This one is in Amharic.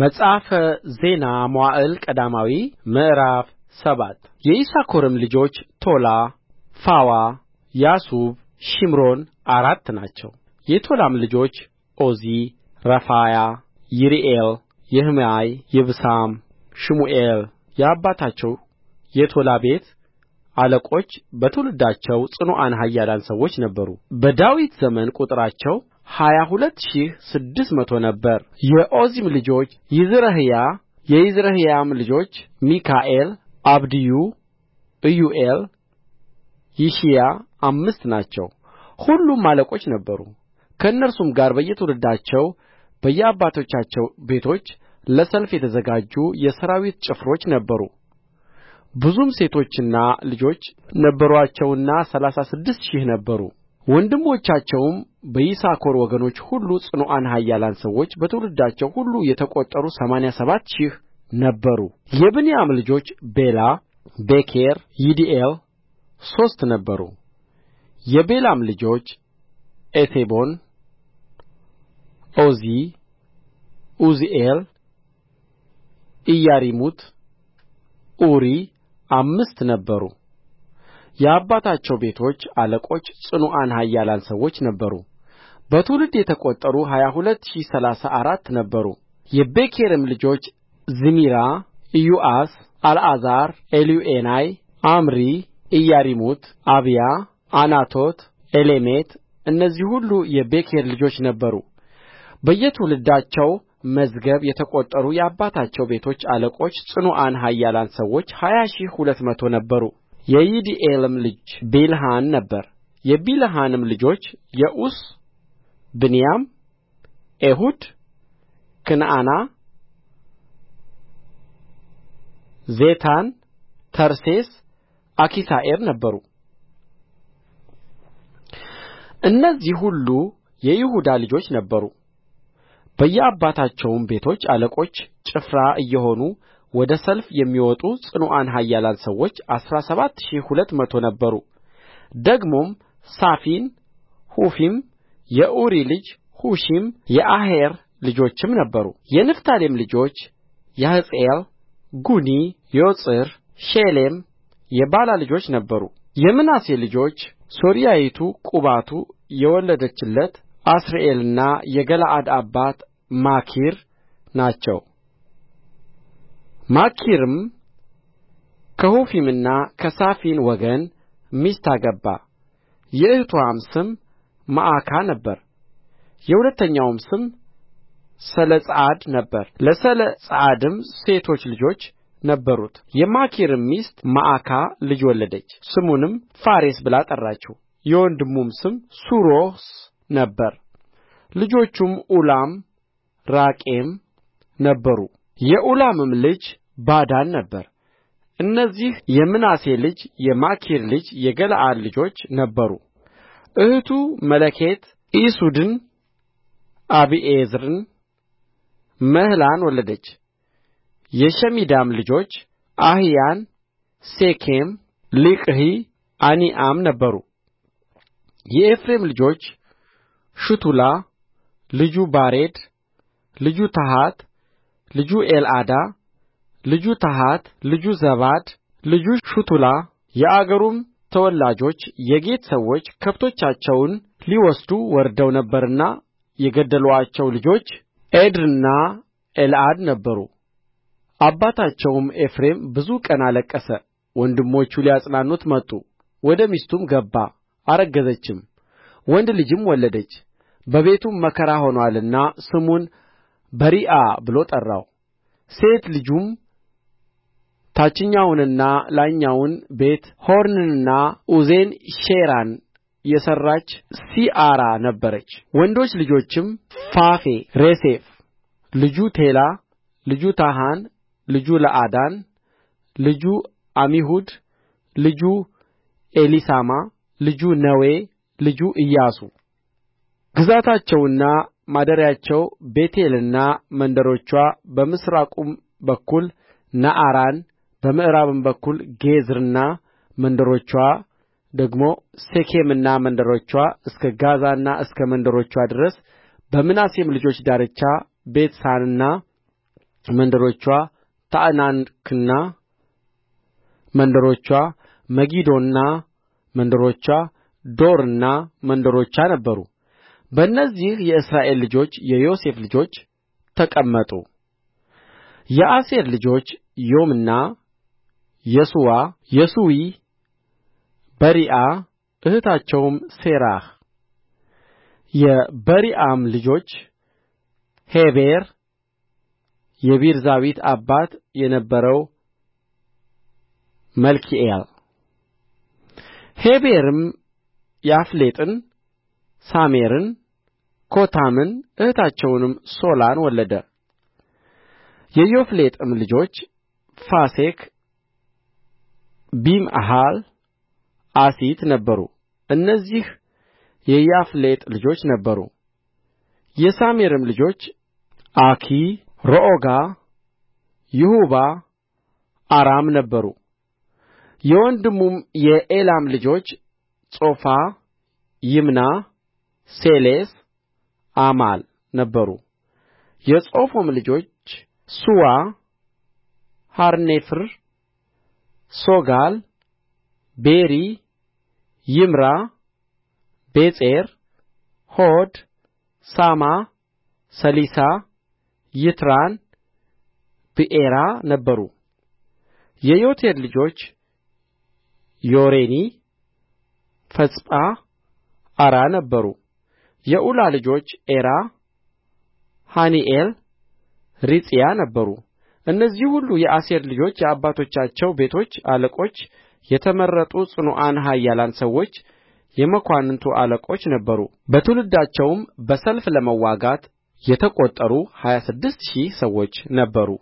መጽሐፈ ዜና መዋዕል ቀዳማዊ ምዕራፍ ሰባት የይሳኮርም ልጆች ቶላ ፋዋ ያሱብ ሺምሮን አራት ናቸው የቶላም ልጆች ኦዚ ረፋያ ይሪኤል የሕማይ ይብሳም ሽሙኤል የአባታቸው የቶላ ቤት አለቆች በትውልዳቸው ጽኑዓን ኃያላን ሰዎች ነበሩ በዳዊት ዘመን ቍጥራቸው ሀያ ሁለት ሺህ ስድስት መቶ ነበረ የኦዚም ልጆች ይዝረሕያ የይዝረሕያም ልጆች ሚካኤል አብድዩ ኢዩኤል ይሺያ አምስት ናቸው ሁሉም አለቆች ነበሩ ከእነርሱም ጋር በየትውልዳቸው በየአባቶቻቸው ቤቶች ለሰልፍ የተዘጋጁ የሠራዊት ጭፍሮች ነበሩ ብዙም ሴቶችና ልጆች ነበሩአቸውና ሠላሳ ስድስት ሺህ ነበሩ ወንድሞቻቸውም በይሳኮር ወገኖች ሁሉ ጽኑዓን ኃያላን ሰዎች በትውልዳቸው ሁሉ የተቈጠሩ ሰማንያ ሰባት ሺህ ነበሩ የብንያም ልጆች ቤላ ቤኬር ይዲኤል ሦስት ነበሩ የቤላም ልጆች ኤሴቦን ኦዚ ዑዝኤል ኢያሪሙት ኡሪ አምስት ነበሩ የአባቶቻቸው ቤቶች አለቆች ጽኑዓን ኃያላን ሰዎች ነበሩ በትውልድ የተቈጠሩ ሀያ ሁለት ሺህ ሠላሳ አራት ነበሩ የቤኬርም ልጆች ዝሚራ ኢዮአስ አልዓዛር ኤልዮዔናይ ዖምሪ ኢያሪሙት አብያ ዓናቶት ኤሌሜት እነዚህ ሁሉ የቤኬር ልጆች ነበሩ በየትውልዳቸው መዝገብ የተቈጠሩ የአባቶቻቸው ቤቶች አለቆች ጽኑዓን ኃያላን ሰዎች ሀያ ሺህ ሁለት መቶ ነበሩ የይዲኤልም ልጅ ቢልሐን ነበረ የቢልሐንም ልጆች የዑስ ብንያም ኤሁድ ክንዓና ዜታን ተርሴስ አኪሳአር ነበሩ እነዚህ ሁሉ የይሁዳ ልጆች ነበሩ በየአባታቸውም ቤቶች አለቆች ጭፍራ እየሆኑ ወደ ሰልፍ የሚወጡ ጽኑዓን ኃያላን ሰዎች አሥራ ሰባት ሺህ ሁለት መቶ ነበሩ ደግሞም ሳፊን ሑፊም የኡሪ ልጅ ሑሺም የአሔር ልጆችም ነበሩ የንፍታሌም ልጆች ያሕጽኤል ጉኒ ዬጽር ሼሌም የባላ ልጆች ነበሩ የምናሴ ልጆች ሶርያይቱ ቁባቱ የወለደችለት አሥሪኤልና የገለዓድ አባት ማኪር ናቸው ማኪርም ከሑፊምና ከሳፊን ወገን ሚስት አገባ የእኅትዋም ስም መዓካ ነበረ የሁለተኛውም ስም ሰለጰዓድ ነበረ ለሰለጰዓድም ሴቶች ልጆች ነበሩት የማኪርም ሚስት መዓካ ልጅ ወለደች ስሙንም ፋሬስ ብላ ጠራችው የወንድሙም ስም ሱሮስ ነበረ ልጆቹም ኡላም ራቄም ነበሩ የኡላምም ልጅ ባዳን ነበረ እነዚህ የምናሴ ልጅ የማኪር ልጅ የገለዓድ ልጆች ነበሩ እኅቱ መለኬት ኢሱድን አቢዔዝርን መሕላን ወለደች የሸሚዳም ልጆች አሒያን ሴኬም ሊቅሒ አኒአም ነበሩ የኤፍሬም ልጆች ሹቱላ ልጁ ባሬድ ልጁ ታሐት ልጁ ኤልዓዳ ልጁ ታሐት ልጁ ዛባድ ልጁ ሹቱላ የአገሩም ተወላጆች የጌት ሰዎች ከብቶቻቸውን ሊወስዱ ወርደው ነበርና የገደሉአቸው ልጆች ኤድርና ኤልዓድ ነበሩ አባታቸውም ኤፍሬም ብዙ ቀን አለቀሰ ወንድሞቹ ሊያጽናኑት መጡ ወደ ሚስቱም ገባ አረገዘችም ወንድ ልጅም ወለደች በቤቱም መከራ ሆኖአልና ስሙን በሪዓ ብሎ ጠራው ሴት ልጁም ታችኛውንና ላይኛውን ቤት ሖሮንንና ኡዜን ሼራን የሠራች ሲአራ ነበረች ወንዶች ልጆቹም ፋፌ ሬሴፍ ልጁ ቴላ ልጁ ታሐን ልጁ ለአዳን ልጁ ዓሚሁድ ልጁ ኤሊሳማ ልጁ ነዌ ልጁ ኢያሱ ግዛታቸውና ማደሪያቸው ቤቴልና መንደሮችዋ በምሥራቁም በኩል ነዓራን በምዕራብም በኩል ጌዝርና መንደሮችዋ ደግሞ ሴኬምና መንደሮችዋ እስከ ጋዛና እስከ መንደሮችዋ ድረስ በምናሴም ልጆች ዳርቻ ቤትሳንና መንደሮችዋ ታዕናክና መንደሮችዋ መጊዶና መንደሮችዋ ዶርና መንደሮችዋ ነበሩ በእነዚህ የእስራኤል ልጆች የዮሴፍ ልጆች ተቀመጡ የአሴር ልጆች ዪምና የሱዋ የሱዊ በሪዓ እኅታቸውም ሤራሕ የበሪዓም ልጆች ሔቤር የቢርዛዊት አባት የነበረው መልኪኤል ሔቤርም ያፍሌጥን ሳሜርን ኮታምን እኅታቸውንም ሶላን ወለደ የያፍሌጥም ልጆች ፋሴክ ቢምሃል አሲት ነበሩ እነዚህ የያፍሌጥ ልጆች ነበሩ የሳሜርም ልጆች አኪ ሮኦጋ ይሑባ አራም ነበሩ የወንድሙም የኤላም ልጆች ጾፋ ይምና ሴሌስ አማል ነበሩ የጾፋም ልጆች ሱዋ ሐርኔፍር ሦጋል ቤሪ ይምራ ቤጼር ሆድ ሳማ ሰሊሳ ይትራን ብኤራ ነበሩ የዬቴር ልጆች ዮሮኒ ፊስጳ አራ ነበሩ የኡላ ልጆች ኤራ ሐኒኤል ሪጽያ ነበሩ እነዚህ ሁሉ የአሴር ልጆች የአባቶቻቸው ቤቶች አለቆች የተመረጡ ጽኑዓን ኃያላን ሰዎች የመኳንንቱ አለቆች ነበሩ በትውልዳቸውም በሰልፍ ለመዋጋት የተቈጠሩ ሀያ ስድስት ሺህ ሰዎች ነበሩ